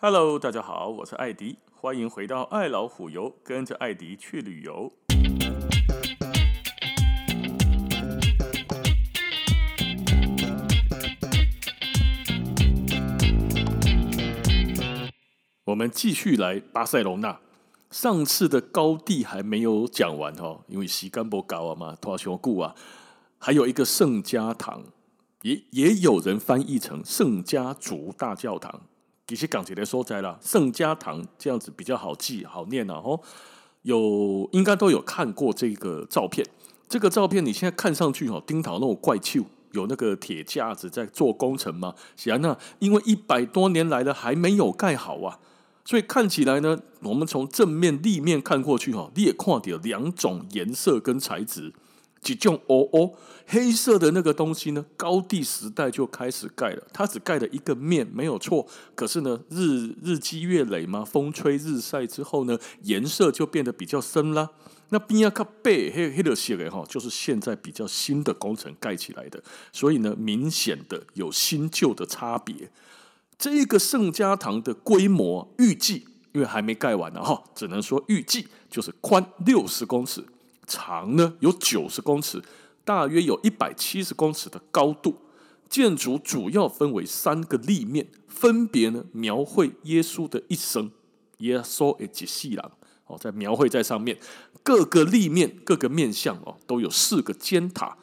Hello，大家好，我是艾迪，歡迎回到愛老虎遊，跟着艾迪去旅遊。我們繼續來巴塞隆納，上次的高地還沒有講完哦，因為時間不夠了嘛，拖了很久啊，還有一個聖家堂，也也有人翻譯成聖家族大教堂。其實港人來說，在啦，聖家堂這樣子比較好記、好念、啊哦、有應該都有看過這個照片。這個照片你現在看上去、哦、哈、丁頭那種怪手，有那個鐵架子在做工程嘛，然呢、啊、因為一百多年來了還沒有蓋好啊，所以看起來呢，我們從正面立面看過去、哦、哈、你也看到有兩種顏色跟材質。幾棟哦哦，黑色的那個東西呢？高第時代就開始蓋了，它只蓋了一個面，沒有錯。可是呢，日日積月累嘛，風吹日曬之後呢，顏色就變得比較深啦。那比亞克背黑色些、哦、就是現在比較新的工程蓋起來的，所以呢，明顯的有新舊的差別。這個聖家堂的規模預計，因為還沒蓋完呢、啊、哈，只能說預計就是寬六十公尺。長呢有九十公尺，大約有一百七十公尺的高度。建築主要分為三個立面，分別呢描繪耶穌的一生。耶穌誒吉西蘭哦，在描繪在上面各個立面各個面向哦，都有四個尖塔，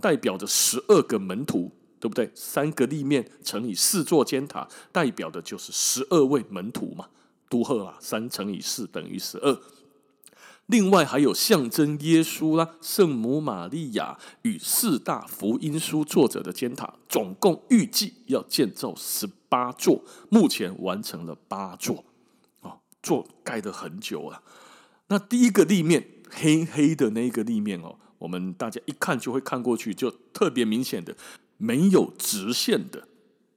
代表着十二個門徒，對不對？三個立面乘以四座尖塔，代表的就是十二位門徒嘛。都赫拉三乘以四等於十二。另外還有象徵耶穌啦、啊、聖母瑪利亞與四大福音書作者的尖塔，總共預計要建造十八座，目前完成了八座，啊、哦，做蓋得很久啊。那第一個立面黑黑的那一個立面哦，我們大家一看就會看過去，就特別明顯的，沒有直線的。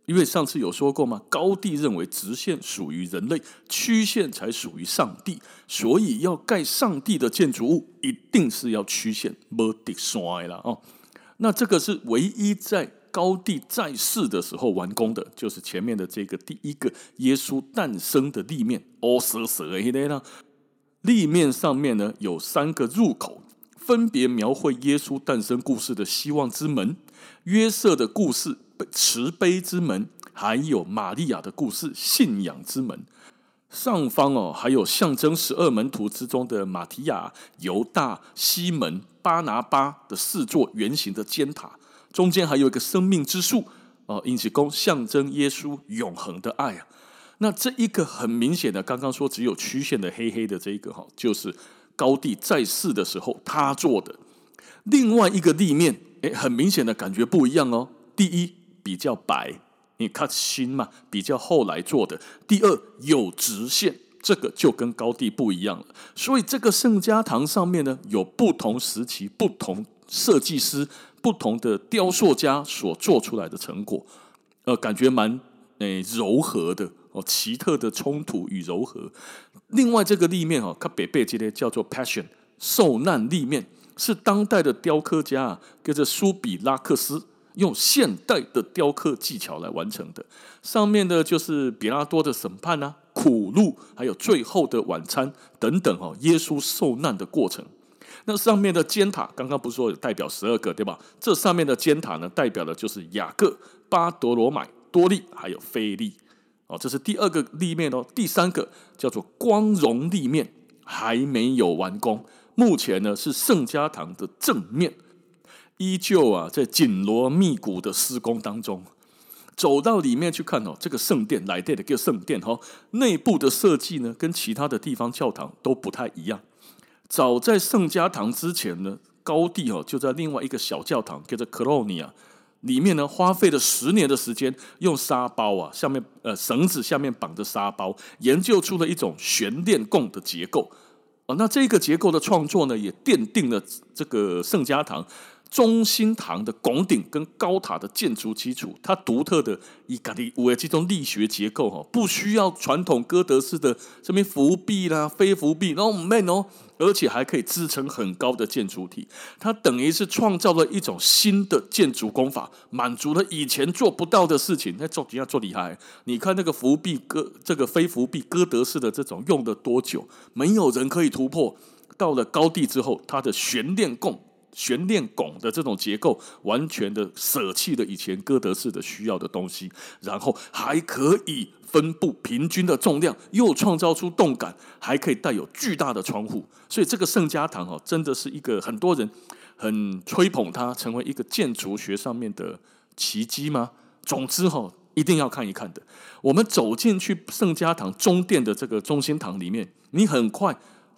因為上次有說過嘛，高地認為直線屬於人類，曲線才屬於上帝，所以要蓋上帝的建築物，一定是要曲線。沒得說啦哦，那這個是唯一在高地在世的時候完工的，就是前面的這個第一個耶穌誕生的立面。哦瑟死一勒啦，立面上面呢，有三個入口，分別描繪耶穌誕生故事的希望之門、約瑟的故事。慈悲之門，還有瑪利亞的故事，信仰之門。上方哦，還有象徵十二門徒之中的馬提亞、猶大、西門、巴拿巴的四座圓形的尖塔，中間還有一個生命之樹哦，因此供象徵耶穌永恆的愛啊。那這一個很明顯的，剛剛說只有曲線的黑黑的這一個哈，就是高第在世的時候他做的。另外一個立面，哎，很明顯的感覺不一樣哦。第一。比較白，你看新嘛，比較後來做的。第二，有直線，這個就跟高地不一樣了。所以這個聖家堂上面呢，有不同時期、不同設計師、不同的雕塑家，所做出來的成果，呃，感覺蠻誒、欸、柔和的哦、喔。奇特的衝突與柔和。另外這個立面啊，卡北貝傑呢叫做 Passion 受難立面，是當代的雕刻家叫做蘇比拉克斯。用現代的雕刻技巧來完成的，上面的就是彼拉多的審判啊，苦路，還有最後的晚餐等等哦，耶穌受難的過程。那上面的尖塔，剛剛不是說有代表十二個對吧？這上面的尖塔呢，代表的就是雅各、巴多羅、馬多利還有菲利哦，這是第二個立面哦，第三個叫做光榮立面，還沒有完工，目前呢是聖家堂的正面。依舊啊，在緊鑼密鼓的施工當中，走到裡面去看哦，這個聖殿，來電的叫聖殿哈、哦，內部的設計呢，跟其他的地方教堂都不太一樣。早在聖家堂之前呢，高第哈、哦、就在另外一個小教堂，叫做 Colonia 啊，裡面呢花費了十年的時間，用沙包啊，下面呃繩子下面綁着沙包，研究出了一種懸鏈拱的結構啊、哦。那這個結構的創作呢，也奠定了這個聖家堂。中心堂的拱頂跟高塔的建築基礎，它獨特的一個的五維這種力學結構哈，不需要傳統哥德式的什麼扶壁啦、飛扶壁，然後 m a 哦，而且還可以支撐很高的建築體，它等於是創造了一種新的建築工法，滿足了以前做不到的事情。那重點要做厲害，你看那個扶壁哥這個飛扶壁哥德式的這種用的多久？沒有人可以突破。到了高地之後，它的懸鏈拱。懸鏈拱的這種結構，完全的捨棄了以前哥德式的需要的東西，然後還可以分布平均的重量，又創造出動感，還可以帶有巨大的窗戶，所以這個聖家堂哦，真的是一個很多人很吹捧它成為一個建築學上面的奇蹟嗎？總之哈、哦，一定要看一看的。我們走進去聖家堂中殿的這個中心堂裡面，你很快。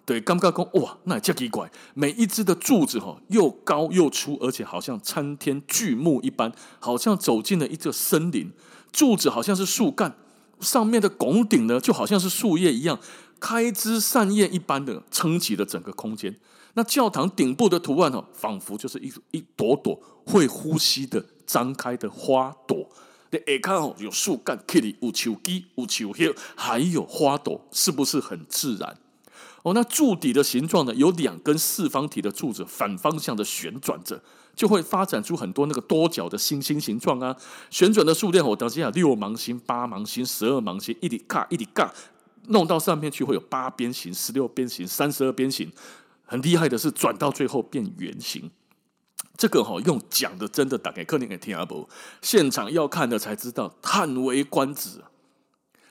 對，剛剛講哇，那真奇怪。每一只的柱子齁，又高又粗，而且好像參天巨木一般，好像走進了一座森林。柱子好像是樹幹，上面的拱頂呢，就好像是樹葉一樣，開枝散葉一般的撐起了整個空間。那教堂頂部的圖案哦，仿佛就是一一朵朵會呼吸的、張開的花朵。你一看哦，有樹幹，這裡有樹枝，有樹葉，還有花朵，是不是很自然？哦，那柱底的形狀呢，有兩根四方體的柱子，反方向的旋轉着，就會發展出很多那個多角的星星形狀啊。旋轉的數量，我等一下六芒星、八芒星、十二芒星，一滴槓一滴槓，弄到上面去會有八邊形、十六邊形、三十二邊形。很厲害的是，轉到最後變圓形。這個哈、哦、用講的真的打給克林給天涯伯，現場要看的才知道，嘆為觀止。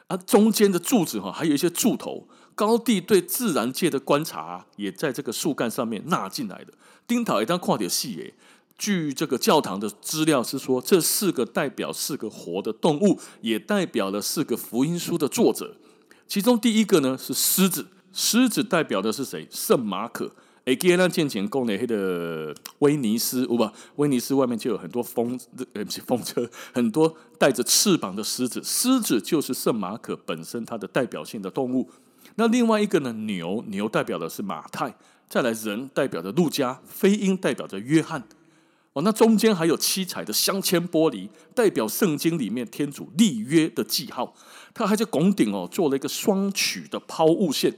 而、啊、中間的柱子哈、哦，還有一些柱頭。高地對自然界的觀察，也在這個樹幹上面納進來的。丁桃也當誇點細節。據這個教堂的資料是說，這四個代表四個活的動物，也代表了四個福音書的作者。其中第一個呢是獅子，獅子代表的是誰？聖馬可。哎，今天那見景的威尼斯，有吧，威尼斯外面就有很多風，哎，不是風車，很多帶着翅膀的獅子。獅子就是聖馬可本身他的代表性的動物。那另外一個呢？牛，牛代表的是馬太，再來人代表著路加，飛鷹代表着約翰。哦，那中間還有七彩的鑲嵌玻璃，代表聖經裡面天主立約的記號。它還在拱頂哦，做了一個雙曲的拋物線。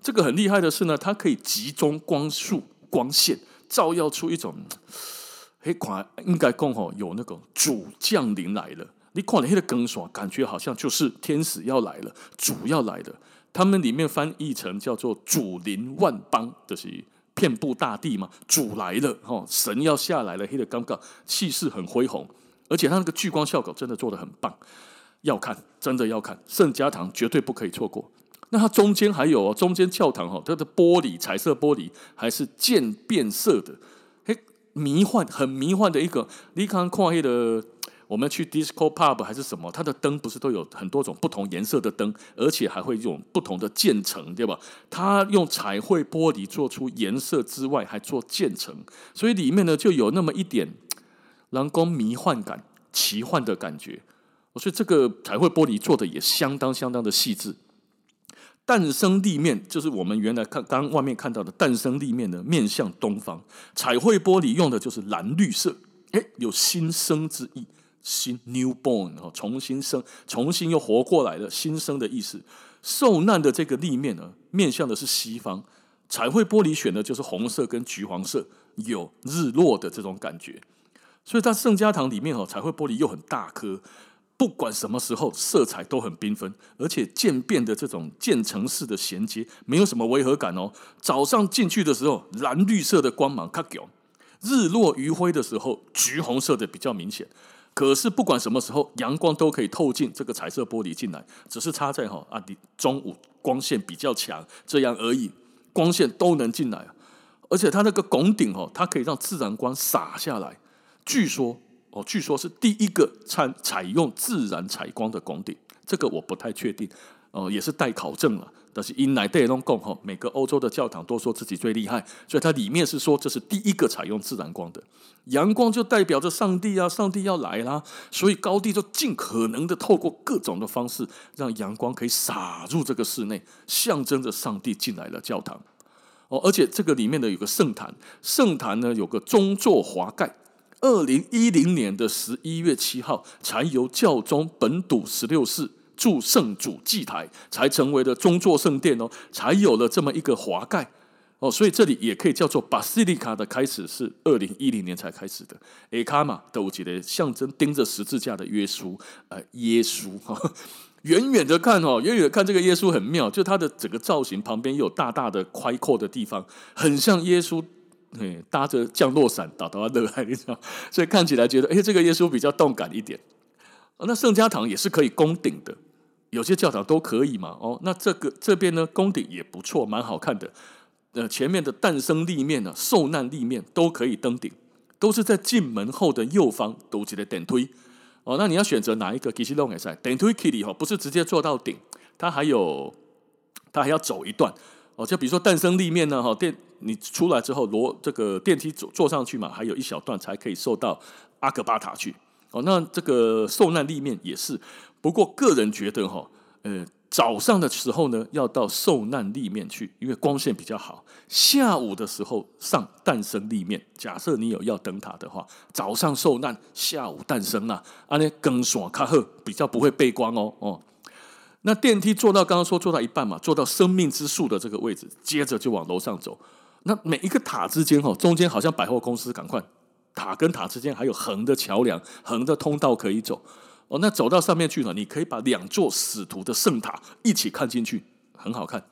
這個很厲害的是呢，它可以集中光束光線，照耀出一種，哎，快，應該講好、哦，有那個主降臨來了。你看那些的梗爽，感覺好像就是天使要來了，主要來了。他們裡面翻譯成叫做“主臨萬邦”，就是遍布大地嘛，主來了，吼，神要下來了。黑的剛剛氣勢很恢宏，而且它那個聚光效果真的做得很棒。要看，真的要看聖家堂，絕對不可以錯過。那它中間還有哦，中間教堂，吼，它的玻璃彩色玻璃還是漸變色的，嘿、那個，迷幻，很迷幻的一個。你看，曠黑的。我們去 disco pub 還是什麼？它的燈不是都有很多種不同顏色的燈，而且還會用不同的漸層，對吧？它用彩繪玻璃做出顏色之外，還做漸層，所以裡面呢就有那麼一點藍光迷幻感，奇幻的感覺。所以這個彩繪玻璃做的也相當相當的細緻。誕生立面就是我們原來看剛剛外面看到的誕生立面呢，面向東方，彩繪玻璃用的就是藍綠色，誒、欸，有新生之意。新 （newborn） 重新生，重新又活過來了，新生的意思。受難的這個立面呢，面向的是西方。彩繪玻璃選的就是紅色跟橘黃色，有日落的這種感覺。所以，在聖家堂裡面哦，彩繪玻璃又很大顆，不管什麼時候，色彩都很繽紛，而且漸變的這種漸層式的銜接，沒有什麼違和感哦。早上進去的時候，藍綠色的光芒，卡狗；日落餘暉的時候，橘紅色的比較明顯。可是不管什麼時候，陽光都可以透進這個彩色玻璃進來，只是插在哈啊，你中午光線比較強，這樣而已，光線都能進來。而且它那個拱頂哦，它可以讓自然光灑下來。據說哦，據說是第一個採採用自然採光的拱頂，這個我不太確定哦、呃，也是待考證了。但是 in that day long gone 每個歐洲的教堂都說自己最厲害，所以它裡面是說這是第一個採用自然光的陽光，就代表着上帝啊，上帝要來啦，所以高第就盡可能的透過各種的方式，讓陽光可以灑入這個室內，象徵着上帝進來了教堂哦，而且這個裡面呢有個聖壇，聖壇呢有個宗座華蓋，二零一零年的十一月七號，才由教宗本篤十六世，祝聖主祭台，才成為了宗座聖殿哦，才有了這麼一個華蓋哦，所以這裡也可以叫做巴西利卡的開始是二零一零年才開始的。哎，卡嘛，都記得象徵盯着十字架的耶穌，呃，耶穌哈，遠遠的看哦，遠遠的看這個耶穌很妙，就它的整個造型，旁邊有大大的寬闊的地方，很像耶穌，嘿、欸，搭着降落傘打，打到他勒海裡上，所以看起來覺得誒、欸、這個耶穌比較動感一點。哦、那聖家堂也是可以攻頂的。有些教堂都可以嘛，哦，那這個這邊呢，宮頂也不錯，蠻好看的。呃，前面的誕生立面呢、啊，受難立面都可以登頂，都是在進門後的右方都起接點推。哦，那你要選擇哪一個？其實點推 K 裡哈，不是直接坐到頂，它還有它還要走一段。哦，就比如說誕生立面呢，哈，電你出來之後，羅這個電梯坐坐上去嘛，還有一小段才可以坐到阿格巴塔去。哦，那這個受難立面也是。不過，個人覺得哈，呃，早上的時候呢，要到受難立面去，因為光線比較好；下午的時候上誕生立面。假設你有要登塔的話，早上受難，下午誕生啦。啊，那更爽，卡呵，比較不會背光哦。哦，那電梯坐到剛剛說坐到一半嘛，坐到生命之樹的這個位置，接着就往樓上走。那每一個塔之間哈，中間好像百貨公司，趕快塔跟塔之間還有橫的橋樑、橫的通道可以走。哦，那走到上面去了，你可以把兩座使徒的聖塔一起看進去，很好看。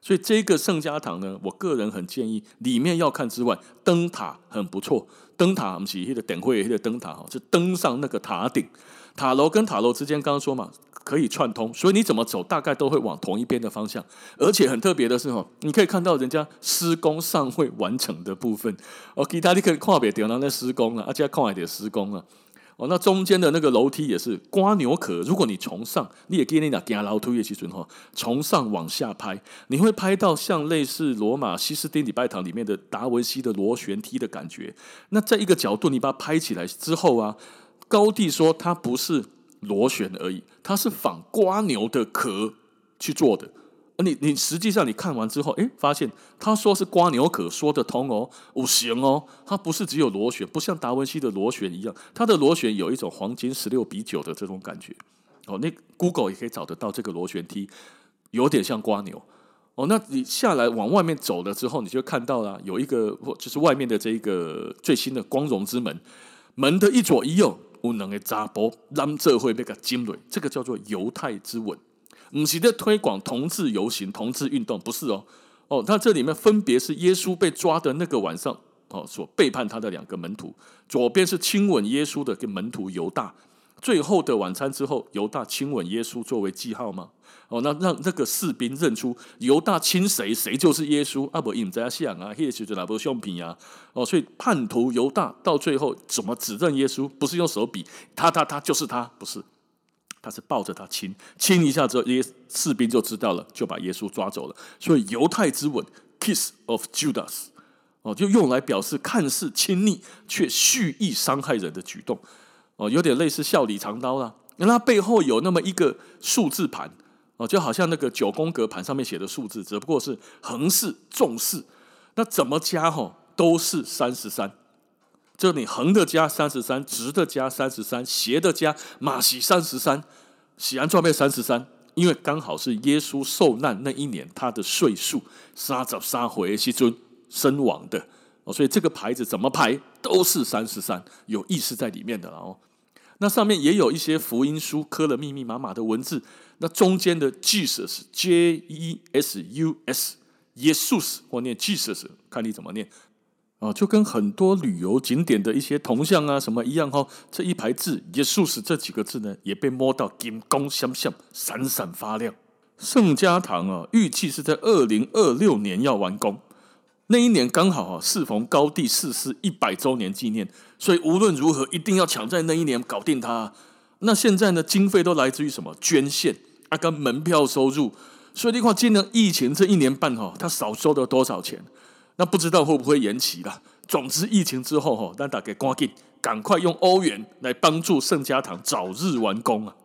所以這個聖家堂呢，我個人很建議，裡面要看之外，燈塔很不錯。燈塔我們寫的這個，等會這個燈塔哈，就登上那個塔頂，塔樓跟塔樓之間，剛剛說嘛，可以串通。所以你怎麼走，大概都會往同一邊的方向。而且很特別的是哈，你可以看到人家施工尚未完成的部分。哦，其他你可看別點，那施工了，啊，而且跨也得施工了，啊。哦，那中間的那個樓梯也是蝸牛殼。如果你從上，你也可以老土樂去村哈，從上往下拍，你會拍到像類似羅馬西斯丁禮拜堂裡面的達文西的螺旋梯的感覺。那在一個角度，你把它拍起來之後啊，高第說它不是螺旋而已，它是仿蝸牛的殼去做的。你你實際上你看完之後，哎，發現他說是蝸牛可，說得通哦，五行哦，它不是只有螺旋，不像達文西的螺旋一樣，它的螺旋有一種黃金十六比九的這種感覺哦。那 Google 也可以找得到這個螺旋梯，有點像蝸牛哦。那你下來往外面走了之後，你就看到了有一個，就是外面的這一個最新的光榮之門，門的一左一右，無能的查甫，男社會變個金蕊，這個叫做猶太之吻。五旗的推廣，同志遊行，同志運動，不是哦，哦，那這裡面分別是耶穌被抓的那個晚上，哦，所背叛他的兩個門徒，左邊是親吻耶穌的跟門徒猶大。最後的晚餐之後，猶大親吻耶穌作為記號嗎？哦，那讓那個士兵認出猶大親誰，誰就是耶穌。阿伯印在西洋啊，黑手就拿部相片呀、啊，哦，所以叛徒猶大到最後怎麼指認耶穌？不是用手比，他他他就是他，不是。他是抱着他親親一下之後，耶士兵就知道了，就把耶穌抓走了。所以猶太之吻 （kiss of Judas） 哦，就用來表示看似親昵卻蓄意傷害人的舉動哦，有點類似笑裡藏刀了啊。那背後有那麼一個數字盤哦，就好像那個九宮格盤上面寫的數字，只不過是橫式、縱式，那怎麼加吼都是三十三。就你橫的加三十三，直的加三十三，斜的加馬喜三十三，喜安裝備三十三，因為剛好是耶穌受難那一年，他的歲數殺着殺回西尊身亡的哦，所以這個牌子怎麼排都是三十三，有意思在裡面的哦。那上面也有一些福音書刻了密密麻麻的文字，那中間的 Jesus，J-E-S-U-S，耶穌是或念 Jesus，看你怎麼念。就跟很多旅遊景點的一些銅像啊什麼一樣哈、哦，這一排字“耶穌斯”這幾個字呢，也被摸到金光閃閃，閃閃發亮。聖家堂啊、哦，預計是在二零二六年要完工，那一年剛好啊、哦、適逢高第逝世一百周年紀念，所以無論如何一定要搶在那一年搞定它，啊。那現在呢，經費都來自於什麼？捐獻啊，跟門票收入。所以的話，今年疫情這一年半哈、哦，他少收了多少錢？那不知道會不會延期了？總之，疫情之後哈，讓大家趕緊趕快用歐元來幫助聖家堂早日完工啊！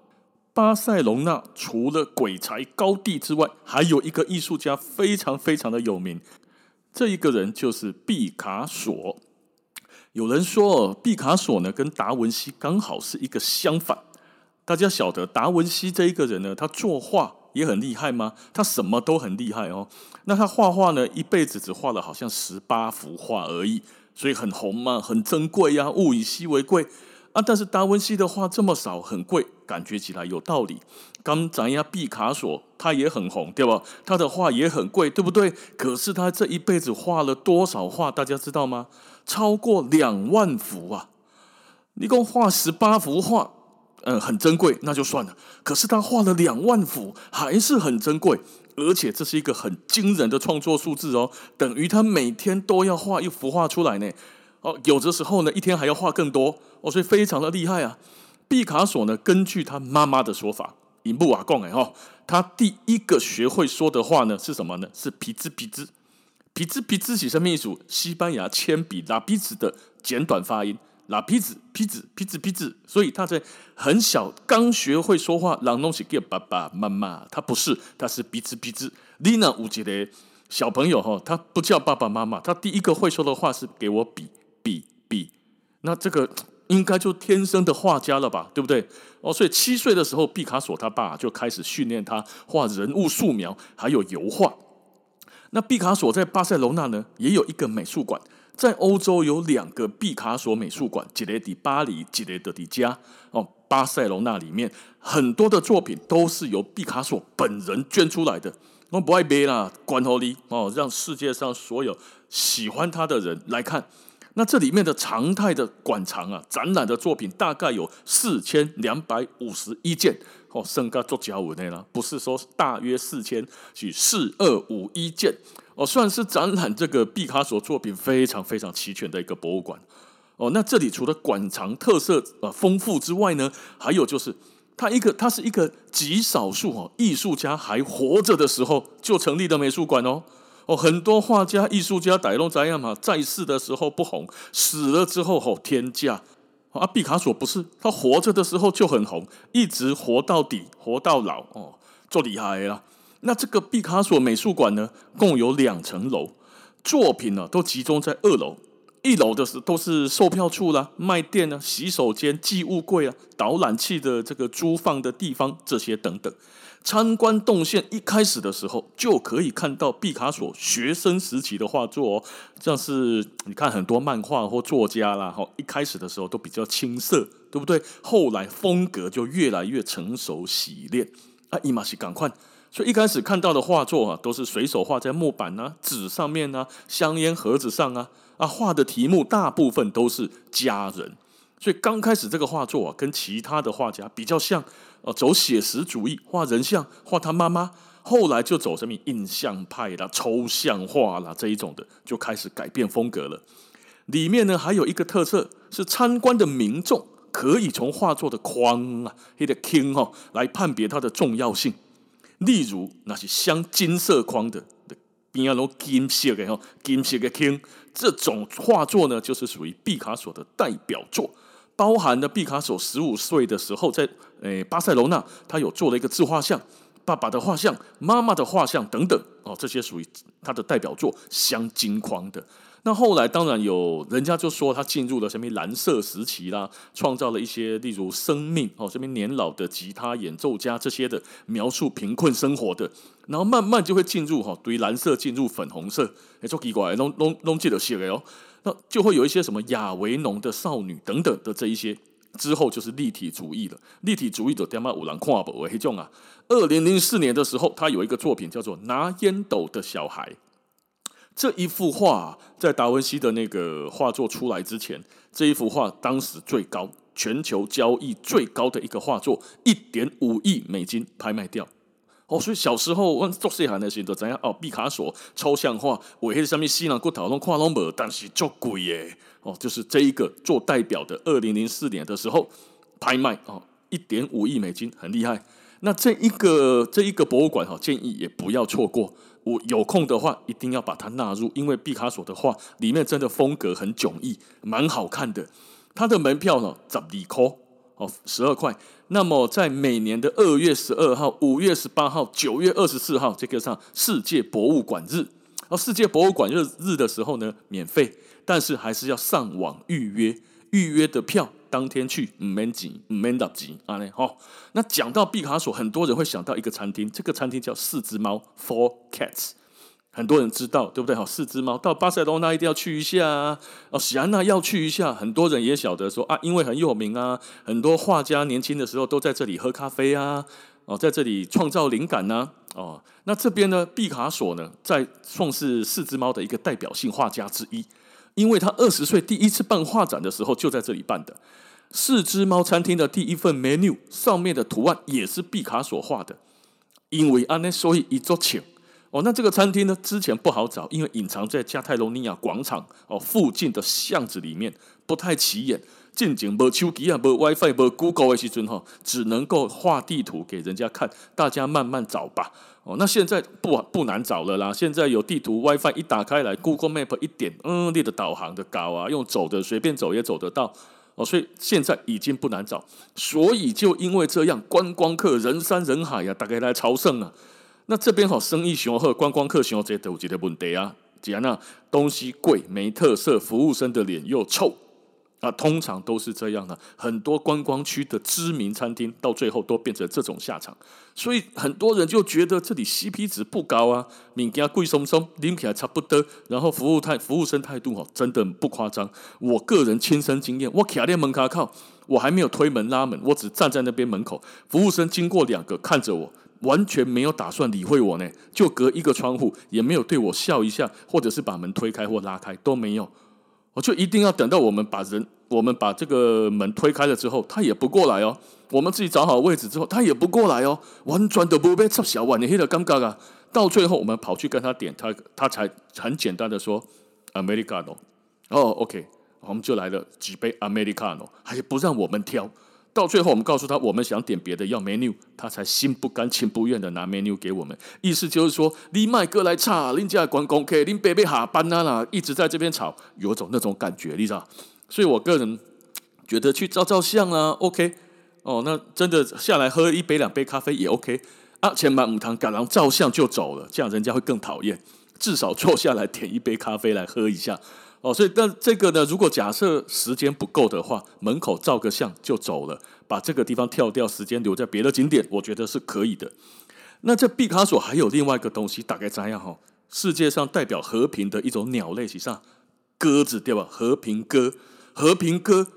巴塞隆那除了鬼才高迪之外，還有一個藝術家非常非常的有名，這一個人就是畢卡索。有人說，畢卡索呢跟達文西剛好是一個相反。大家曉得達文西這一個人呢，他作畫也很厲害嗎？他什麼都很厲害哦。那他畫畫呢？一輩子只畫了好像十八幅畫而已，所以很紅嘛，很珍貴呀，啊，物以稀為貴啊。但是達文西的畫這麼少，很貴，感覺起來有道理。剛講一下畢卡索，他也很紅，對吧？他的畫也很貴，對不對？可是他這一輩子畫了多少畫？大家知道嗎？超過兩萬幅啊！一共畫十八幅畫，嗯，很珍貴，那就算了。可是他畫了兩萬幅，還是很珍貴。而且這是一個很驚人的創作數字哦，等於他每天都要畫一幅畫出來呢。哦，有的時候呢，一天還要畫更多哦，所以非常的厲害啊。畢卡索呢，根據他媽媽的說法，尹布瓦貢哎哈，他第一個學會說的話呢是什麼呢？是皮茲皮茲，皮茲皮茲，其實是一組西班牙鉛筆拉皮茲的簡短發音。拉皮子、皮子、皮子、皮子、子，所以他在很小剛學會說話。人們都是叫爸爸媽媽，他不是，他是皮子皮子。你如果有一個小朋友哈，他不叫爸爸媽媽，他第一個會說的話是給我筆筆筆，那這個應該就天生的畫家了吧，對不對？哦，所以七歲的時候，畢卡索他爸就開始訓練他畫人物素描，還有油畫。那畢卡索在巴塞羅那呢，也有一個美術館。在歐洲有兩個畢卡索美術館，一個在巴黎，一個就在這裡哦，巴塞羅那裡面很多的作品都是由畢卡索本人捐出來的。我不愛背啦，管好你哦，讓世界上所有喜歡他的人來看。那這裡面的常態的館藏啊，展覽的作品大概有四千兩百五十一件哦，涵蓋作家五內了，不是說大約四千，是四二五一件哦，算是展覽這個畢卡索作品非常非常齊全的一個博物館哦。那這裡除了館藏特色呃、啊、豐富之外呢，還有就是它一個它是一個極少數啊、哦，藝術家還活着的時候就成立的美術館哦。哦，很多畫家、藝術家，逮弄這樣嘛，在世的時候不紅，死了之後吼、哦、天價啊！畢卡索不是，他活着的時候就很紅，一直活到底，活到老哦，就厲害了。那這個畢卡索美術館呢，共有兩層樓，作品呢、啊、都集中在二樓，一樓的是都是售票處啦、啊、賣店啦、啊、洗手間、寄物櫃啊、導覽器的這個租放的地方這些等等。參觀動線一開始的時候，就可以看到畢卡索學生時期的畫作哦，像是你看很多漫畫或作家啦，哈，一開始的時候都比較青澀，對不對？後來風格就越來越成熟洗練。啊，伊瑪希趕快！所以一開始看到的畫作啊，都是隨手畫在木板吶、啊、紙上面吶、啊、香煙盒子上啊，啊，畫的題目大部分都是家人。所以剛開始這個畫作啊，跟其他的畫家比較像，呃，走寫實主義，畫人像，畫他媽媽。後來就走什麼印象派啦、抽象畫啦這一種的，就開始改變風格了。裡面呢還有一個特色，是參觀的民眾可以從畫作的框啊、黑的框哈來判別它的重要性。例如，那些鑲金色框的比邊羅金色的哈，金色的框，這種畫作呢，就是屬於畢卡索的代表作。包含的畢卡索十五歲的時候，在誒巴塞羅那，他有做了一個自畫像，爸爸的畫像、媽媽的畫像等等，哦，這些屬於他的代表作，鑲金框的。那後來當然有人家就說他進入了什麼藍色時期啦，創造了一些例如生命哦，這邊年老的吉他演奏家這些的描述貧困生活的，然後慢慢就會進入哈，對於藍色進入粉紅色，哎、欸，足奇怪，弄弄弄幾多色的哦、喔。那就會有一些什麼亞維農的少女等等的這一些，之後就是立體主義了。立體主義的有人看不懂啊，二零零四年的時候，他有一個作品叫做《拿煙斗的小孩》。這一幅畫在達文西的那個畫作出來之前，這一幅畫當時最高全球交易最高的一個畫作，一點五億美金拍賣掉。哦，所以小時候我們做小孩的時候都怎樣哦？畢卡索抽象畫，我也是上面西南國都看都沒有，但是足貴耶！哦，就是這一個做代表的，二零零四年的時候拍賣哦，一點五億美金，很厲害。那這一個這一個博物館哈，哦，建議也不要錯過。我有空的話，一定要把它納入，因為畢卡索的畫裡面真的風格很迥異，蠻好看的。它的門票呢，十里扣？哦，十二塊。那麼在每年的二月十二號、五月十八號、九月二十四號，這個上世界博物館日，而、哦、世界博物館日日的時候呢，免費，但是還是要上網預約，預約的票當天去，沒擠，免到緊，阿咧好。那講到畢卡索，很多人會想到一個餐廳，這個餐廳叫四只貓，Four Cats。很多人知道，對不對？哦，四隻貓到巴塞羅那一定要去一下啊！哦，喜安那要去一下。很多人也曉得說啊，因為很有名啊。很多畫家年輕的時候都在這裡喝咖啡啊，哦，在這裡創造靈感呢、啊。哦，那這邊呢，畢卡索呢，在創世四隻貓的一個代表性畫家之一，因為他二十歲第一次辦畫展的時候就在這裡辦的。四隻貓餐廳的第一份 menu 上面的圖案也是畢卡索畫的，因為安那所以一桌錢。哦，那這個餐廳呢，之前不好找，因為隱藏在加泰羅尼亞廣場哦附近的巷子裡面，不太起眼。近景沒手機啊，沒 WiFi，沒 Google 的時候，只能夠畫地圖給人家看，大家慢慢找吧。哦，那現在不不難找了啦。現在有地圖 WiFi 一打開來，Google Map 一點，嗯，你的導航的高啊，用走的隨便走也走得到。哦，所以現在已經不難找。所以就因為這樣，觀光客人山人海呀、啊，大家來朝聖啊。那這邊好，哦，生意雄厚，觀光客雄厚，這有幾條問題啊。既然那東西貴，沒特色，服務生的臉又臭啊，通常都是這樣的，啊。很多觀光區的知名餐廳，到最後都變成這種下場，所以很多人就覺得這裡 C P 值不高啊，物價貴鬆鬆，拎起來差不多。然後服務態，服務生態度哦，真的不誇張。我個人親身經驗，我卡在門卡口，我還沒有推門拉門，我只站在那邊門口，服務生經過兩個，看着我。完全沒有打算理會我呢，就隔一個窗戶，也沒有對我笑一下，或者是把門推開或拉開都沒有。我就一定要等到我們把人，我們把這個門推開了之後，他也不過來哦。我們自己找好位置之後，他也不過來哦，完全的不被吃小碗，你很尷尬啊。到最後我們跑去跟他點，他他才很簡單的說 Americano 哦，oh，OK，我們就來了幾杯 Americano，還不讓我們挑。到最後，我們告訴他，我們想點別的要 menu，他才心不甘情不願的拿 menu 給我們。意思就是說，你麥哥來唱，林家關公，K 林背背下班啦啦，一直在這邊吵，有種那種感覺，你知道？所以我個人覺得去照照相啊，OK，哦，那真的下來喝一杯兩杯咖啡也 OK 啊，千萬母湯趕忙照相就走了，這樣人家會更討厭。至少坐下來點一杯咖啡來喝一下。哦，所以但這個呢？如果假設時間不夠的話，門口照個相就走了，把這個地方跳掉，時間留在別的景點，我覺得是可以的。那這畢卡索還有另外一個東西，大概這樣，世界上代表和平的一種鳥類是什麼？其實鴿子對吧？和平鴿，和平鴿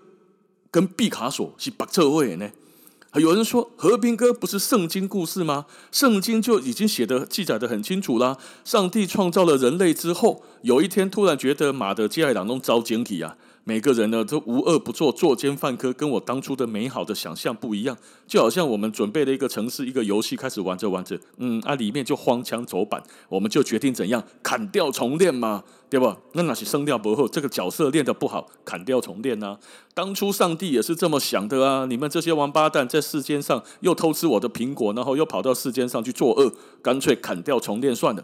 跟畢卡索是白撤位的呢？有人說，和平鴿不是聖經故事嗎？聖經就已經寫的記載的很清楚了。上帝創造了人類之後，有一天突然覺得馬的犄角當中遭晶體啊。每個人呢都無惡不作，作姦犯科，跟我當初的美好的想象不一樣。就好像我們準備了一個城市，一個遊戲，開始玩着玩着，嗯，啊，裡面就荒腔走板，我們就決定怎樣砍掉重練嘛，對吧？那哪些生調不夠，這個角色練得不好，砍掉重練呢、啊？當初上帝也是這麼想的啊！你們這些王八蛋，在世間上又偷吃我的蘋果，然後又跑到世間上去作惡，乾脆砍掉重練算了。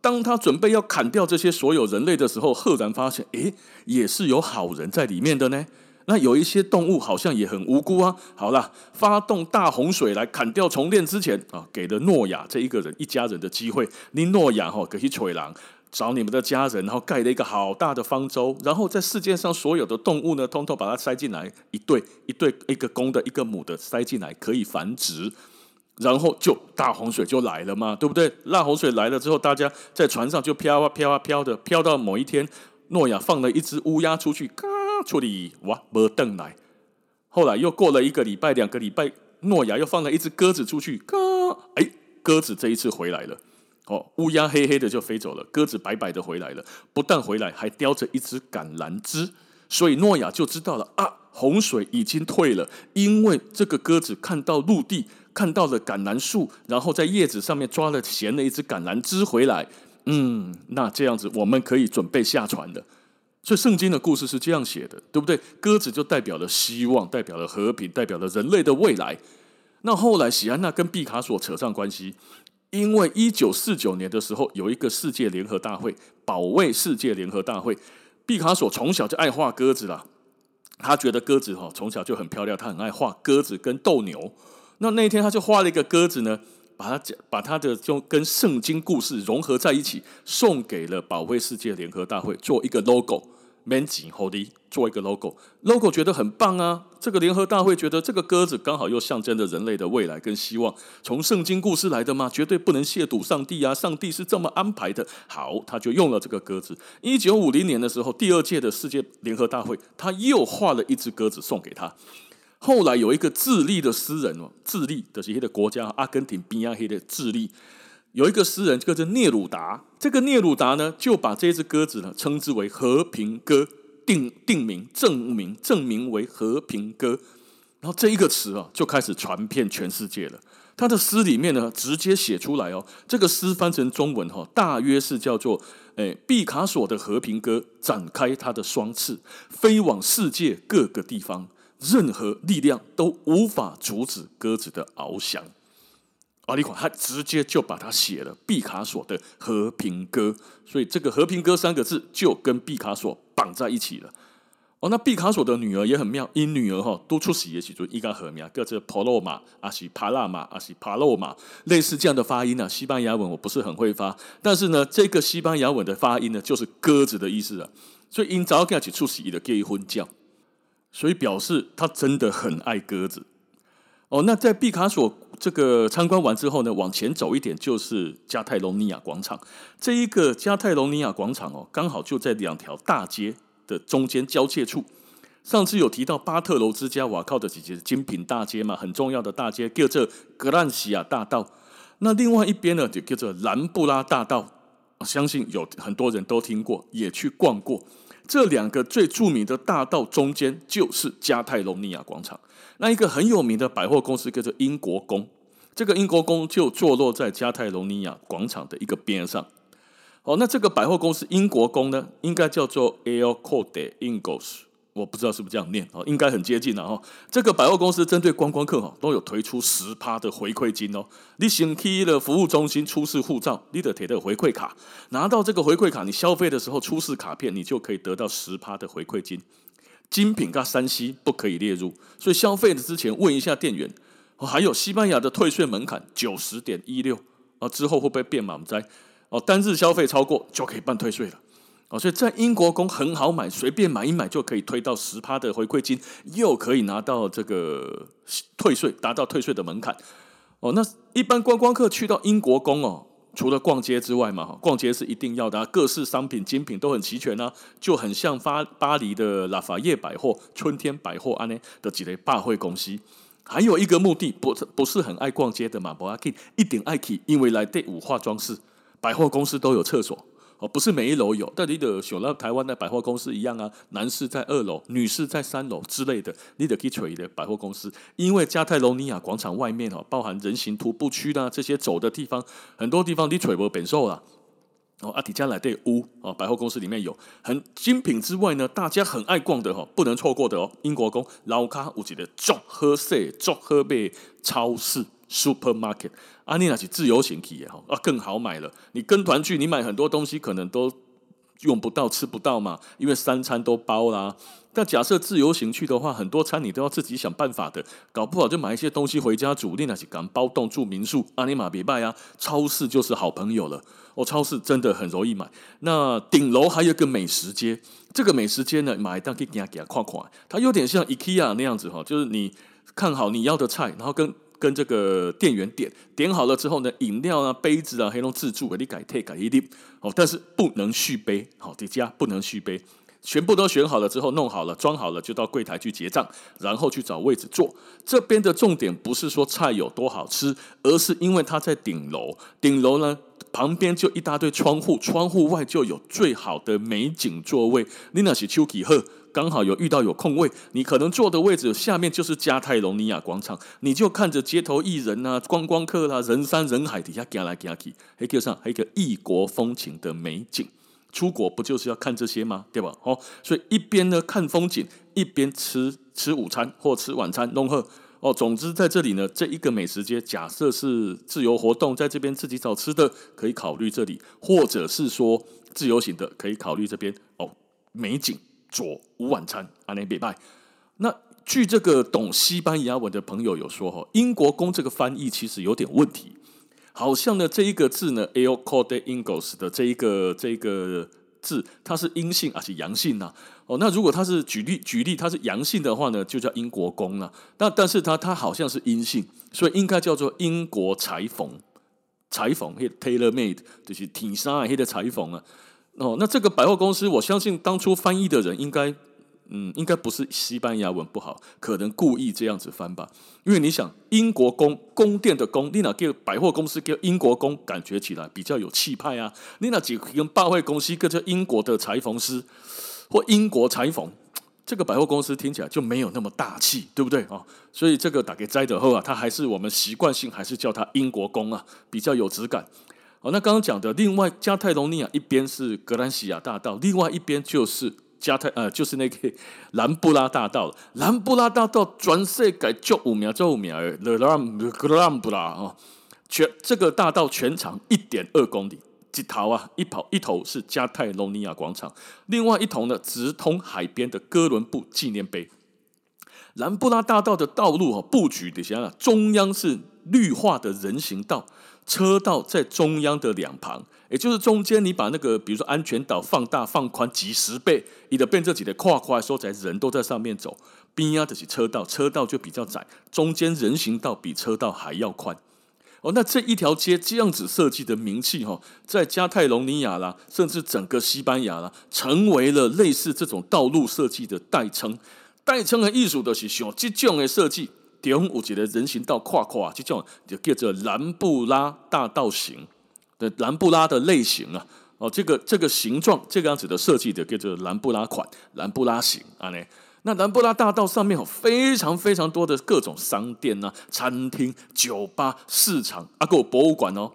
當他準備要砍掉這些所有人類的時候，赫然發現，誒也是有好人在裡面的呢。那有一些動物好像也很無辜啊。好啦，發動大洪水來砍掉重練之前啊、哦，給了諾亞這一個人一家人的機會。你諾亞哈、哦，可惜垂郎找你們的家人，然後蓋了一個好大的方舟，然後在世界上所有的動物呢，通通把它塞進來，一對一對，一個公的，一個母的，塞進來可以繁殖。然後就大洪水就來了嘛，對不對？大洪水來了之後，大家在船上就飄啊飄啊飄的，飄到某一天，諾亞放了一隻烏鴉出去，嘎，出去哇，沒回來。後來又過了一個禮拜、兩個禮拜，諾亞又放了一隻鴿子出去，嘎，哎，鴿子這一次回來了。哦，烏鴉黑黑的就飛走了，鴿子白白的回來了，不但回來，還叼着一隻橄欖枝。所以諾亞就知道了啊，洪水已經退了，因為這個鴿子看到陸地。看到了橄欖樹，然後在葉子上面抓了銜了一隻橄欖枝回來。嗯，那這樣子我們可以準備下船的。所以聖經的故事是這樣寫的，對不對？鴿子就代表了希望，代表了和平，代表了人類的未來。那後來，喜安娜跟畢卡索扯上關係，因為一九四九年的時候有一個世界聯合大會，保衛世界聯合大會。畢卡索從小就愛畫鴿子啦，他覺得鴿子哈從小就很漂亮，他很愛畫鴿子跟鬥牛。那那一天，他就畫了一個鴿子呢，把它講，把它的就跟聖經故事融合在一起，送給了保衛世界聯合大會做一個 logo，menji holy 做一個 logo，logo Log 覺得很棒啊。這個聯合大會覺得這個鴿子剛好又象徵着人類的未來跟希望，從聖經故事來的嘛，絕對不能褻瀆上帝啊！上帝是這麼安排的，好，他就用了這個鴿子。一九五零年的時候，第二屆的世界聯合大會，他又畫了一隻鴿子送給他。後來有一個智利的詩人哦，智利的、就是一個國家，阿根廷比亞黑的智利，有一個詩人叫做聶魯達，這個聶魯達呢，就把這隻鴿子呢稱之為和平鴿，定定名、證明、證明為和平鴿，然後這一個詞啊就開始傳遍全世界了。他的詩裡面呢直接寫出來哦，這個詩翻成中文哈、哦，大約是叫做：哎，畢卡索的和平鴿展開它的雙翅，飛往世界各個地方。任何力量都無法阻止鴿子的翱翔。阿李廣他直接就把它寫了畢卡索的《和平鴿》，所以這個“和平鴿”三個字就跟畢卡索綁在一起了。哦，那畢卡索的女兒也很妙，因女兒哈都出席的時候，一起做一該和妙鴿子。Polo 馬啊，是 Paloma 啊，是 Paloma 類似這樣的發音呢、啊。西班牙文我不是很會發，但是呢，這個西班牙文的發音呢，就是鴿子的意思了、啊。所以因早開始出席的結婚叫。所以表示他真的很愛鴿子哦。那在畢卡索這個參觀完之後呢，往前走一點就是加泰隆尼亞廣場。這一個加泰隆尼亞廣場哦，剛好就在兩條大街的中間交界處。上次有提到巴特羅之家，我靠的幾條精品大街嘛，很重要的大街叫做格蘭西亞大道。那另外一邊呢，就叫做蘭布拉大道。哦，相信有很多人都聽過，也去逛過。這兩個最著名的大道中間就是加泰隆尼亞廣場，那一個很有名的百貨公司叫做英國宮，這個英國宮就坐落在加泰隆尼亞廣場的一個邊上。好，那這個百貨公司英國宮呢，應該叫做 El Corte Inglés。我不知道是不是這樣念哦，應該很接近了哈。這個百貨公司針對觀光客哦，都有推出十趴的回饋金哦。你先去的服務中心出示護照，你得貼的回饋卡，拿到這個回饋卡，你消費的時候出示卡片，你就可以得到十趴的回饋金。精品跟 3C 不可以列入，所以消費的之前問一下店員。還有西班牙的退稅門檻九十點一六啊，之後會不會變滿載？哦，單日消費超過就可以辦退稅了。哦，所以在英國宮很好買，隨便買一買就可以推到十趴的回饋金，又可以拿到這個退稅，達到退稅的門檻。哦，那一般觀光客去到英國宮哦，除了逛街之外嘛，逛街是一定要的啊，各式商品精品都很齊全啊，就很像巴巴黎的拉法葉百貨、春天百貨安呢的幾類百貨公司。還有一個目的，不不是很愛逛街的嘛，無要緊，一定愛去，因為裡面有化妝室，百貨公司都有廁所。哦，不是每一樓有，但你的像那台灣的百貨公司一樣啊，男士在二樓，女士在三樓之類的，你的 g u i t 的百貨公司，因為加泰羅尼亞廣場外面、啊、包含人行徒步區啦、啊，這些走的地方，很多地方你腿不扁瘦了。哦、啊，阿迪加萊蒂屋哦，百貨公司裡面有很精品之外呢，大家很愛逛的哈，不能錯過的哦，英國宮樓下我記得 j 喝 h e 喝 j b 超市 Supermarket。Super 阿尼那是自由行去也好，啊更好買了。你跟團去，你買很多東西可能都用不到，吃不到嘛，因為三餐都包啦。但假設自由行去的話，很多餐你都要自己想辦法的，搞不好就買一些東西回家煮。你若是敢包棟住民宿，阿尼馬別賣啊，超市就是好朋友了。哦，超市真的很容易買。那頂樓還有個美食街，這個美食街呢，買蛋可以給他給他逛逛，它有點像 IKEA 那樣子哈，就是你看好你要的菜，然後跟。跟這個店員點點好了之後呢，飲料啊、杯子啊，黑龍自助給你改退改一定哦，但是不能續杯，好疊加不能續杯，全部都選好了之後，弄好了裝好了，就到櫃台去結賬，然後去找位置坐。這邊的重點不是說菜有多好吃，而是因為它在頂樓，頂樓呢旁邊就一大堆窗戶，窗戶外就有最好的美景座位。你那些超級好。剛好有遇到有空位，你可能坐的位置下面就是加泰隆尼亞廣場，你就看着街頭藝人吶、啊、觀光客啦、啊，人山人海底下走來走去，街上還有個異國風情的美景。出國不就是要看這些嗎？對吧？哦，所以一邊呢看風景，一邊吃吃午餐或吃晚餐，弄喝哦。總之，在這裡呢，這一個美食街，假設是自由活動，在這邊自己找吃的，可以考慮這裡，或者是說自由行的，可以考慮這邊哦，美景。做午晚餐，安內貝拜。那據這個懂西班牙文的朋友有說，哈，英國公這個翻譯其實有點問題。好像呢，這一個字呢 el corte inglés 的這一個這一個字，它是陰性還是陽性呢、啊？哦，那如果它是舉例舉例，它是陽性的話呢，就叫英國公了、啊。那但是它它好像是陰性，所以應該叫做英國裁縫，裁縫，嘿、那個，tailor made，就是挺衫的嘿的裁縫啊。哦，那這個百貨公司，我相信當初翻譯的人應該，嗯，應該不是西班牙文不好，可能故意這樣子翻吧。因為你想，英國宮宮殿的宮，那給百貨公司給英國宮，感覺起來比較有氣派啊。那那幾個百貨公司，一個叫英國的裁縫師，或英國裁縫，這個百貨公司聽起來就沒有那麼大氣，對不對啊？哦，所以這個打給 z 的後啊，他還是我們習慣性還是叫他英國宮啊，比較有質感。哦、那剛剛講的，另外加泰羅尼亞一邊是格蘭西亞大道，另外一邊就是加泰呃，就是那個蘭布拉大道。蘭布拉大道全世界就五秒，就五秒。The Ram Granbla 啊，全這個大道全長一點二公里，一頭啊一跑一頭是加泰羅尼亞廣場，另外一頭呢直通海邊的哥倫布紀念碑。蘭布拉大道的道路啊布局，你想想，中央是綠化的人行道。車道在中央的兩旁，也就是中間，你把那個比如說安全島放大，放寬幾十倍，它就變成一個跨跨的所在，人都在上面走，旁邊就是車道，車道就比較窄，中間人行道比車道還要寬。哦，那這一條街這樣子設計的名氣哈、哦，在加泰隆尼亞啦，甚至整個西班牙啦，成為了類似這種道路設計的代稱。代稱的意思就是像這種的設計。點五級的人行道跨跨，看看這種就叫叫做蘭布拉大道型的蘭布拉的類型啊！哦，這個這個形狀，這個樣子的設計的叫做蘭布拉款、蘭布拉型啊！呢，那蘭布拉大道上面有非常非常多的各種商店啊、餐廳、酒吧、市場啊，各種博物館哦。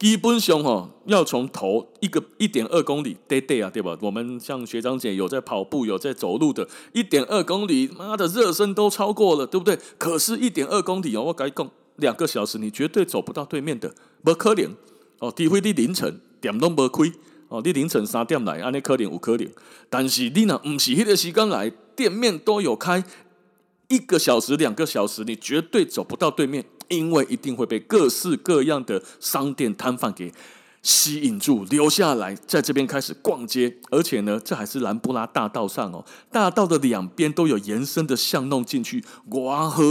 基本上吼、哦，要從頭一個一點二公里對對啊，對吧？我們像學長姐有在跑步，有在走路的，一點二公里，媽的，熱身都超過了，對不對？可是，一點二公里哦，我跟你講兩個小時，你絕對走不到對面的，不可能哦。除非你凌晨店都冇開哦，你凌晨三點來，安尼可能有可能。但是你若不是迄個時間來，店面都有開，一個小時兩個小時，你絕對走不到對面。因為一定會被各式各樣的商店攤販給吸引住，留下來在這邊開始逛街。而且呢，這還是蘭布拉大道上哦，大道的兩邊都有延伸的巷弄進去。哇好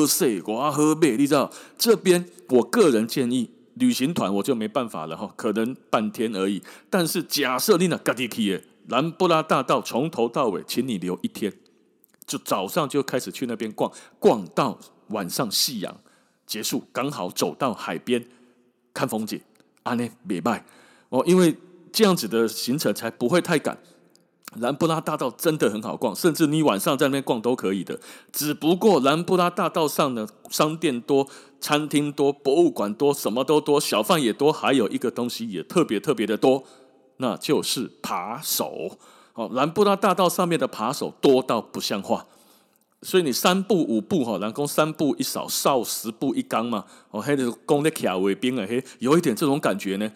美，你知道這邊，我個人建議旅行團我就沒辦法了哈、哦，可能半天而已。但是假設你那 g a d i 蘭布拉大道從頭到尾，請你留一天，就早上就開始去那邊逛，逛到晚上夕陽結束，剛好走到海邊看風景，安內明白哦，因為這樣子的行程才不會太趕。蘭布拉大道真的很好逛，甚至你晚上在那邊逛都可以的。只不過蘭布拉大道上的商店多、餐廳多、博物館多，什麼都多，小販也多，還有一個東西也特別特別的多，那就是扒手哦。蘭布拉大道上面的扒手多到不像話。所以你三步五步哈，人家說三步一哨，哨十步一崗嘛。哦嘿，這攻的巧，威兵啊。嘿，有一點這種感覺呢，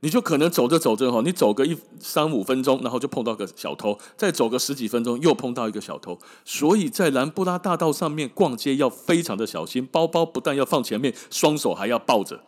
你就可能走着走着哈，你走個一三五分鐘，然後就碰到一個小偷，再走個十幾分鐘又碰到一個小偷。所以在蘭布拉大道上面逛街要非常的小心，包包不但要放前面，雙手還要抱着。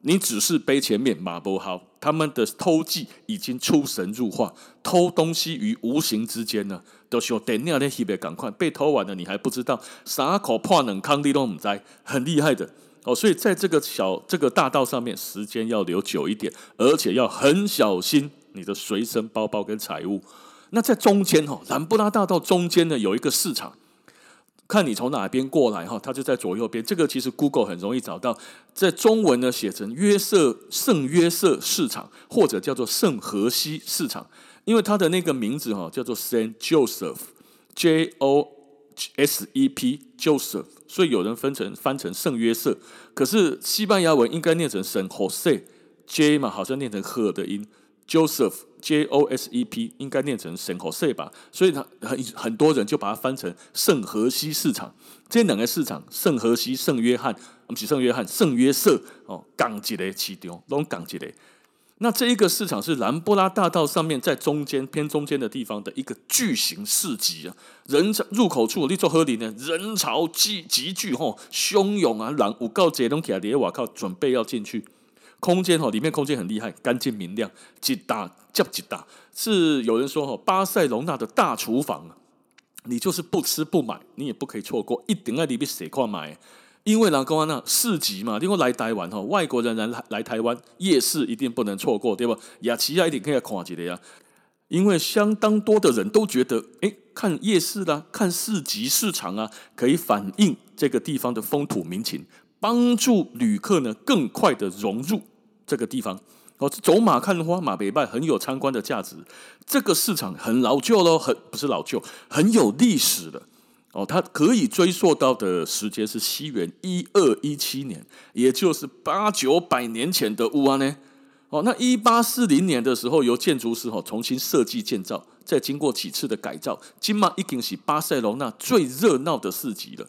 你只是背前面好，馬伯豪他們的偷技已經出神入化，偷東西於無形之間呢。都需要等兩天，希望趕快被偷完了你還不知道，啥口怕冷，康帝都唔在，很厲害的哦。所以在這個小這個大道上面，時間要留久一點，而且要很小心你的隨身包包跟財物。那在中間哈，蘭布拉大道中間呢，有一個市場，看你從哪邊過來哈，它就在左右邊。這個其實 Google 很容易找到，在中文呢寫成約瑟聖約瑟市場，或者叫做聖荷西市場。因為它的那個名字哈，叫做 Saint Joseph，J O S E P Joseph，所以有人分成翻成聖約瑟。可是西班牙文應該念成聖何塞，J 嘛，好像、e e、念成赫的音，Joseph J O S E P 應該念成聖何塞吧？所以它很很多人就把它翻成聖河西市場。這兩個市場，聖河西、聖約翰，我們舉聖約翰、聖約瑟哦，同一個市場攏同一個。那這一個市場是蘭布拉大道上面在中間偏中間的地方的一個巨型市集啊，人潮入口處你足合理呢，人潮集集聚吼，洶湧啊，人五個人結攏起來，你靠，準備要進去，空間吼，裡面空間很厲害，乾淨明亮，極大叫極大，是有人說吼，巴塞隆納的大廚房，你就是不吃不買，你也不可以錯過，一定要裡面血礦買。因為咱講啊，市集嘛，如果來台灣吼，外國人來來台灣，夜市一定不能錯過，對吧？也其實一定可以來看一下啊，因為相當多的人都覺得，哎，看夜市啦，啊，看市集市場啊，可以反映這個地方的風土民情，幫助旅客呢更快的融入這個地方。哦，走馬看花，馬北拜很有參觀的價值。這個市場很老舊嘍，很不是老舊，很有歷史的。哦，它可以追溯到的時間是西元一二一七年，也就是八九百年前的烏安呢。哦，那一八四零年的時候，由建築師哈、哦、重新設計建造，再經過幾次的改造，今晚已經是巴塞羅那最熱鬧的市集了。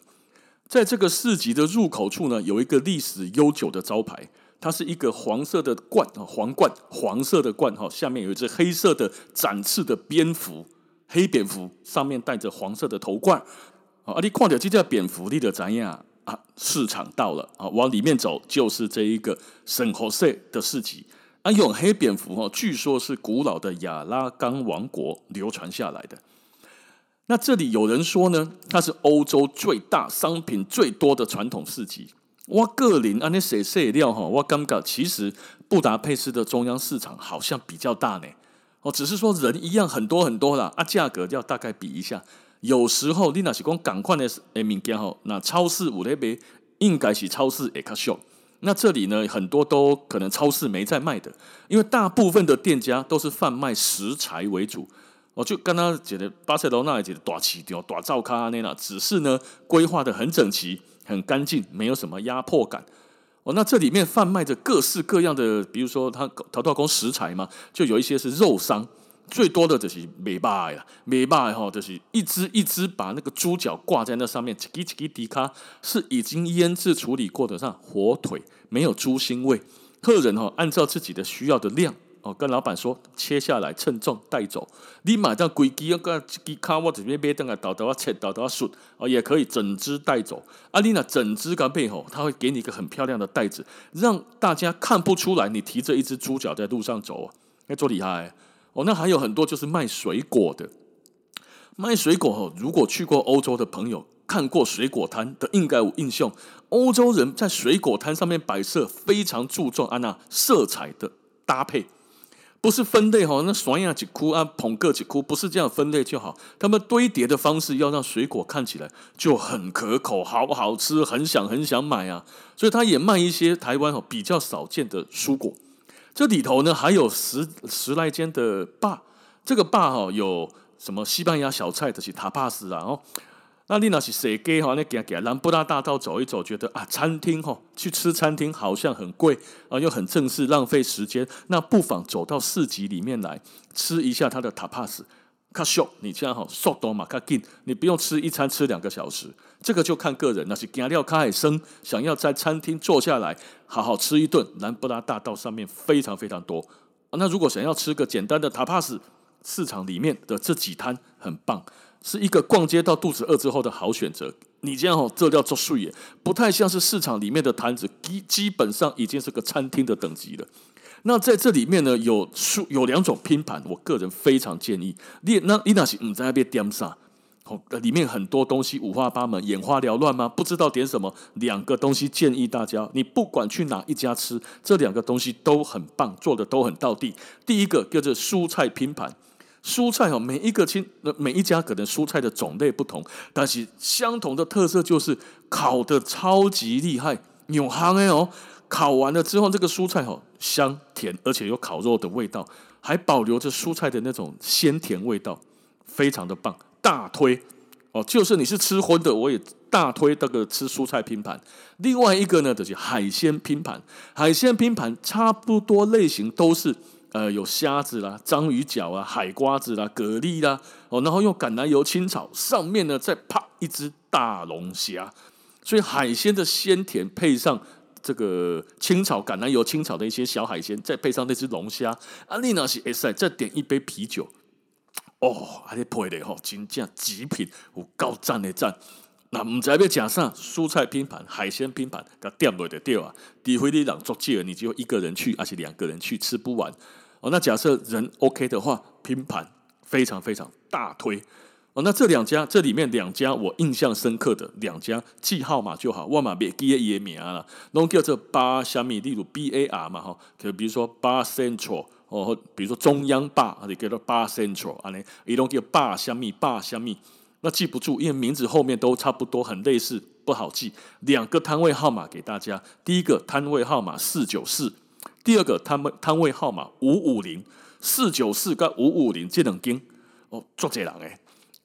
在這個市集的入口處呢，有一個歷史悠久的招牌，它是一個黃色的冠啊，冠、哦、黃，黃色的冠哈、哦，下面有一隻黑色的展翅的蝙蝠，黑蝙蝠上面戴著黃色的頭冠。啊！你看到這只蝙蝠，你就知道啊，市場到了啊，往裡面走就是這一個聖何塞的市集。啊，用黑蝙蝠哦、啊，據說是古老的亞拉岡王國流傳下來的。那這裡有人說呢，它是歐洲最大、商品最多的傳統市集。我個人啊，你寫寫料哈，我感覺其實布達佩斯的中央市場好像比較大呢。哦、啊，只是說人一樣很多很多啦。啊，價格要大概比一下。有時候，你那是講仝款呢？哎，物件吼。那超市五那邊應該是超市也卡少。那這裡呢，很多都可能超市沒在賣的，因為大部分的店家都是販賣食材為主。我就剛剛講的巴塞羅那也講大市場，大灶咖那那，只是呢規劃的很整齊、很乾淨，沒有什麼壓迫感。哦，那這裡面販賣著各式各樣的，比如說他他要講食材嘛，就有一些是肉商。最多的就是賣肉的啊，賣肉的、哦、就是一隻一隻把那個豬腳掛在那上面，一支一支，滴咖，是已經醃製處理過的，像火腿沒有豬腥味。客人哈、哦，按照自己的需要的量哦，跟老闆說切下來，稱重帶走。你整買只歸隻，歸隻跤，我直接買回來，慢慢切，慢慢塞，哦，也可以整隻帶走。啊，你那整隻背後他會給你一個很漂亮的袋子，讓大家看不出來你提着一隻豬腳在路上走，那多厲害！哦，那還有很多就是賣水果的，賣水果哈。如果去過歐洲的朋友看過水果攤的，應該有印象。歐洲人在水果攤上面擺設非常注重啊，那色彩的搭配，不是分類哈。那甩呀幾枯啊，捧個幾枯，不是這樣分類就好。他們堆疊的方式要讓水果看起來就很可口，好不好吃，很想很想買啊。所以他也賣一些台灣哦比較少見的蔬果。這裡頭呢，還有十十來間的吧，這個吧哈、哦、有什麼西班牙小菜的去塔帕斯啊？哦，那另外是踅街哈，那給啊給啊，蘭布拉大道走一走，覺得啊餐廳哈、哦、去吃餐廳好像很貴啊，又很正式，浪費時間，那不妨走到市集裡面來吃一下它的塔帕斯。你這樣哈，速度嘛，卡緊，你不用吃一餐吃兩個小時，這個就看個人。那是加料卡海參，想要在餐廳坐下來好好吃一頓，蘭布拉大、大道上面非常非常多。那如果想要吃個簡單的塔帕斯，市場裡面的這幾攤很棒，是一個逛街到肚子餓之後的好選擇。你這樣哦，這叫做素顏，不太像是市場裡面的攤子，基基本上已經是個餐廳的等級了。那在這裡面呢，有蔬有兩種拼盤，我個人非常建議。你那你那是不知道要點啥？好，裡面很多東西五花八門，眼花繚亂嗎？不知道點什麼？兩個東西建議大家，你不管去哪一家吃，這兩個東西都很棒，做的都很道地。第一個叫做蔬菜拼盤，蔬菜哦、喔，每一個清，每一家可能蔬菜的種類不同，但是相同的特色就是烤的超級厲害，有哈哦、喔。烤完了之後，這個蔬菜哦香甜，而且有烤肉的味道，還保留着蔬菜的那種鮮甜味道，非常的棒。大推哦，就是你是吃葷的，我也大推這個吃蔬菜拼盤。另外一個呢，就是海鮮拼盤，海鮮拼盤差不多類型都是呃有蝦子啦、章魚腳啊、海瓜子啦、蛤蜊啦哦，然後用橄欖油清炒，上面呢再啪一只大龍蝦，所以海鮮的鮮甜配上。這個清炒橄欖油，清炒的一些小海鮮，再配上那只龍蝦，啊，你那是哎塞，再點一杯啤酒，哦，阿、啊、些配的吼，真正極品，有夠讚的讚。那不知道要食啥？蔬菜拼盤、海鮮拼盤，甲點落就對了。除非你人捉雞，你只有一個人去，還是兩個人去吃不完哦。那假設人 OK 的話，拼盤非常非常大推。哦、那這兩家，這裡面兩家我印象深刻的兩家，記號碼就好，我嘛袂記得伊的名字了。攏叫做 Bar 啥物，例如 B A R 嘛，哈，就比如說 Bar Central 哦，比如說中央巴，就叫 Bar Central，按呢，伊都叫 Bar 啥物，Bar 啥物，那記不住，因為名字後面都差不多，很類似，不好記。兩個攤位號碼給大家，第一個攤位號碼四九四，第二個他們攤位號碼五五零，四九四跟五五零這兩間，哦，足濟人誒。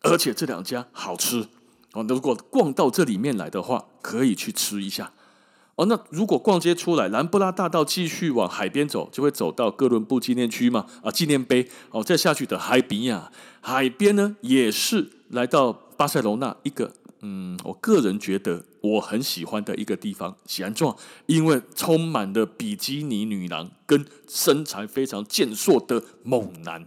而且這兩家好吃哦。如果逛到這裡面來的話，可以去吃一下哦。那如果逛街出來，蘭布拉大道繼續往海邊走，就會走到哥倫布紀念區嘛啊，紀念碑哦，再下去的海比亞海邊呢，也是來到巴塞羅那一個嗯，我個人覺得我很喜歡的一個地方安狀，因為充滿了比基尼女郎跟身材非常健碩的猛男，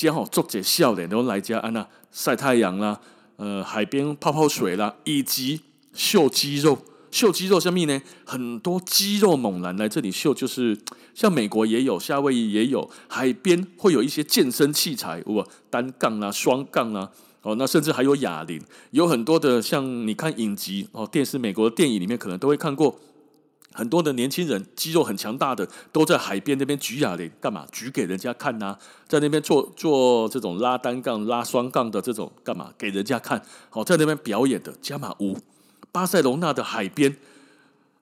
然後作者笑臉都來加安娜。啊曬太陽啦、啊，呃，海邊泡泡水啦、啊，以及秀肌肉。秀肌肉上面呢，很多肌肉猛男來這裡秀，就是像美國也有，夏威夷也有，海邊會有一些健身器材，哦，單槓啊，雙槓啊，哦，那甚至還有啞鈴，有很多的。像你看影集哦，電視美國的電影裡面可能都會看過。很多的年輕人肌肉很強大的，都在海邊那邊舉啞鈴，幹嘛？舉給人家看吶、啊，在那邊做做這種拉單槓、拉雙槓的這種幹嘛？給人家看，好在那邊表演的。加馬屋，巴塞隆納的海邊，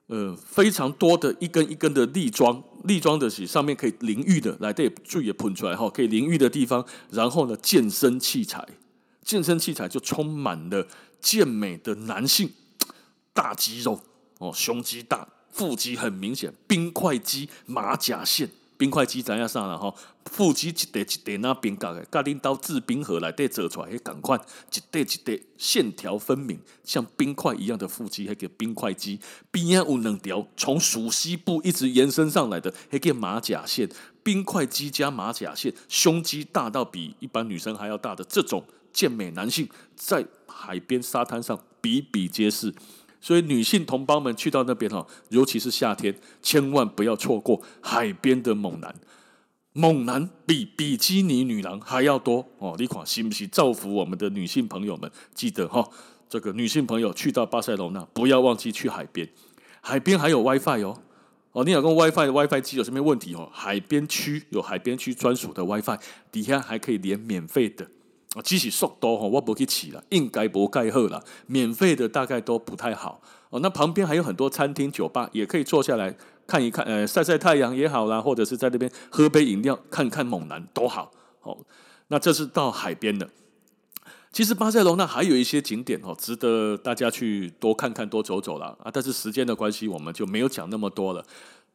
呃，非常多的一根一根的立樁，立樁的是上面可以淋浴的，來這裡，注意也噴出來哈，可以淋浴的地方。然後呢，健身器材，健身器材就充滿了健美的男性大肌肉哦，胸肌大。腹肌很明顯，冰塊肌、馬甲線。冰塊肌知影啥啦？哈，腹肌一塊一塊那冰格的，家丁到制冰河製冰盒來，得走出來的，感覺一塊一塊，線條分明，像冰塊一樣的腹肌，那個冰塊肌邊啊有兩條，從鼠蹊部一直延伸上來的，那個馬甲線，冰塊肌加馬甲線，胸肌大到比一般女生還要大的這種健美男性，在海邊沙灘上比比皆是。所以，女性同胞們去到那邊哈，尤其是夏天，千萬不要錯過海邊的猛男。猛男比比基尼女郎還要多哦！你看行不行？造福我們的女性朋友們，記得哈、哦，這個女性朋友去到巴塞羅那，不要忘記去海邊。海邊還有 WiFi 哦！哦，你老公 WiFi 的 WiFi 機有什麼問題哦？海邊區有海邊區專屬的 WiFi，底下還可以連免費的。即其實速度哈，我不去騎了，應該不蓋好了。免費的大概都不太好哦。那旁邊還有很多餐廳、酒吧，也可以坐下來看一看，呃，曬曬太陽也好啦，或者是在那邊喝杯飲料，看看猛男，多好哦。那這是到海邊的。其實巴塞隆納還有一些景點值得大家去多看看、多走走啦。啊。但是時間的關係，我們就沒有講那麼多了。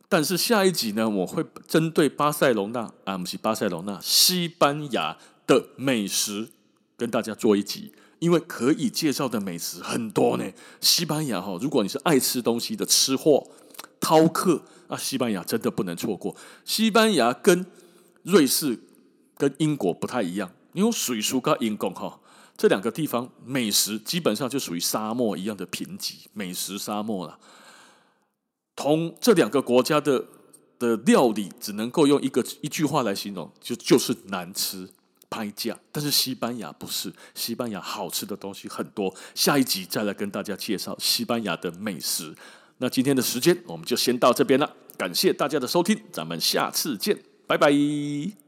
但是下一集呢，我會針對巴塞隆納啊，不是巴塞隆納，西班牙。的美食跟大家做一集，因為可以介紹的美食很多呢。西班牙哈、哦，如果你是愛吃東西的吃貨饕客，啊，西班牙真的不能錯過。西班牙跟瑞士跟英國不太一樣，因為瑞士跟英國哈、哦、這兩個地方美食基本上就屬於沙漠一樣的貧瘠美食沙漠了。同這兩個國家的的料理，只能夠用一個一句話來形容，就就是難吃。拍價，但是西班牙不是，西班牙好吃的東西很多，下一集再來跟大家介紹西班牙的美食。那今天的時間我們就先到這邊了，感謝大家的收聽，咱們下次見，拜拜。